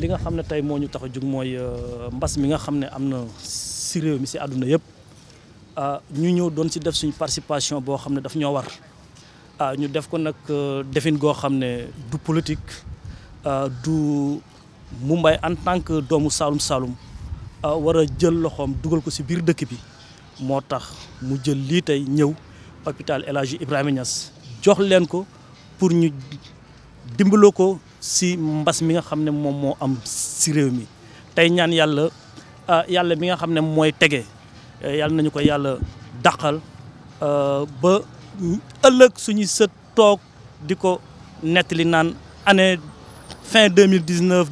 li nga xam ne tey moo ñu tax a jug mooy euh, mbas mi nga xam ne am na si réew mi si àdduna yëpp ah, ñu ñëw doon si def suñu participation boo xam ne dafa ñoo war ah ñu def ko nag euh, defin goo xam ne du politique ah, du mu Mumbai en tant que doomu Saalum Saalum ah, war a jël loxoom dugal ko si biir dëkk bi moo tax mu jël lii tey ñëw hôpital El Hadji Ibrahima Niass jox leen ko pour ñu dimbaloo ko. si mbass mi nga xamne mom mo am ci rew mi tay ñaan yalla ah, yalla mi nga xamne moy tege eh, yalla nañu ko yalla dakal ah, ba ëlëk suñu se tok diko netli nan ane fin 2019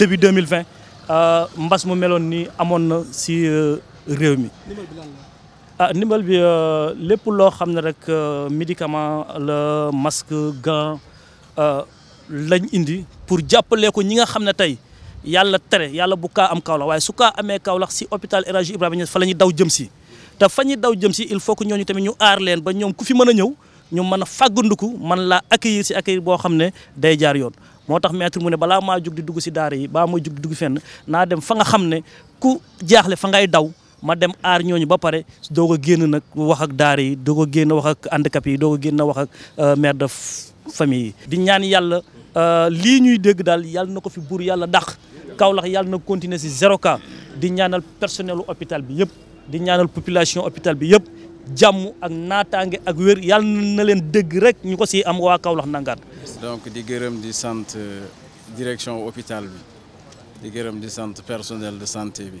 début 2020 euh mbass mu melon ni amon na ci eh, rew mi ah nimbal bi eh, lepp lo xamne rek médicament le masque gants Euh, lañ indi pour jàppale ko ñi nga xam ne tey yàlla tere yàlla bu kaa am Kaolack waaye su kaa amee Kaolack si hôpital El Hadji Ibrahima Niass fa la ñuy daw jëm si. te fa ñuy daw jëm si il faut que ñooñu tamit ñu aar leen ba ñoom ku fi mën a ñëw ñu mën a fàggandiku man laa accueillir si accueillir boo xam ne day jaar yoon. moo tax maître mu ne balaa maa jug di dugg si daar yi baa ma jug di dugg fenn naa dem fa nga xam ne ku jaaxle fa ngay daw. ma dem aar ñooñu ba pare doog a génn nag wax ak daara yi doog a génn wax ak handicap yi doog génn wax ak euh, mère de famille di ñaan yàlla euh, lii ñuy dégg daal yàlla na ko fi buur yàlla dàq Kaolack yàlla nag continuer si zéro cas di ñaanal personnel u hôpital bi yëpp di ñaanal population hôpital bi yëpp jàmm ak naataange ak wér yàlla na leen dégg rek ñu ko si am waa Kaolack nangaat. donc di gërëm di sant euh, direction hôpital bi di gërëm di sant personnel de santé bi.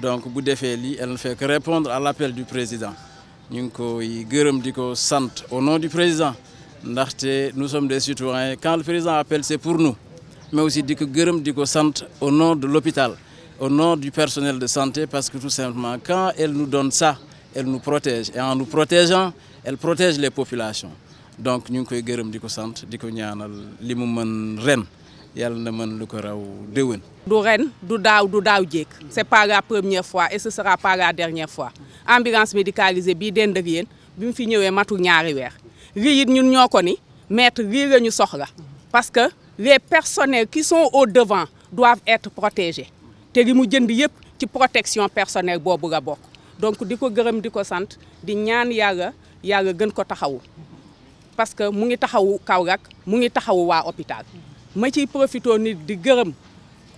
donc elle ne fait que répondre à l'appel du président Nous, au nom du président nous sommes des citoyens quand le président appelle c'est pour nous mais aussi nous que des au nom de l'hôpital au nom du personnel de santé parce que tout simplement quand elle nous donne ça elle nous protège et en nous protégeant elle protège les populations donc nous, sommes koy citoyens ko yalla na man lu ko raw déwén. du ren du daw du daw jéeg c'est pas la première fois et ce sera pas la dernière fois ambulance médicalisée bi dend ak yéen bi fi ñëwee matu ñaari weer lii it ñun ñoko ni maître lii ñu soxla parce que les personnels qui sont au devant doivent être protégés té li mu jënd yépp ci protection personnelle boobu la bok donc diko ko diko sante di ñaan yalla yalla gën ko taxaw parce que mu ngi taxawu Kaolack mu ngi taxaw wa hôpital ma ci profité nit di gërëm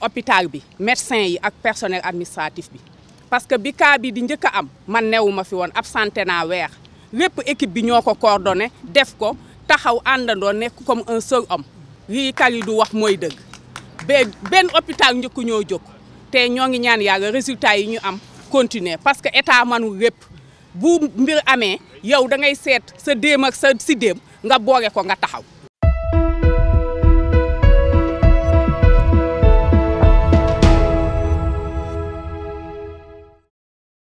hôpital bi médecin yi ak personnel administratif bi parce que bi ka bi di njëkk am man newuma fi woon absenté na wéx lépp équipe bi ñoo ko coordonné def ko taxaw àndandoo nekk comme un seul homme lii du wax moy dëgg ba hôpital njëkku ñoo jokk té ñoo ñaan yalla résultat yi ñu am continuer parce que état manul lépp bu mbir amé yow da ngay sét sa déem ak sa sidém nga boole ko nga taxaw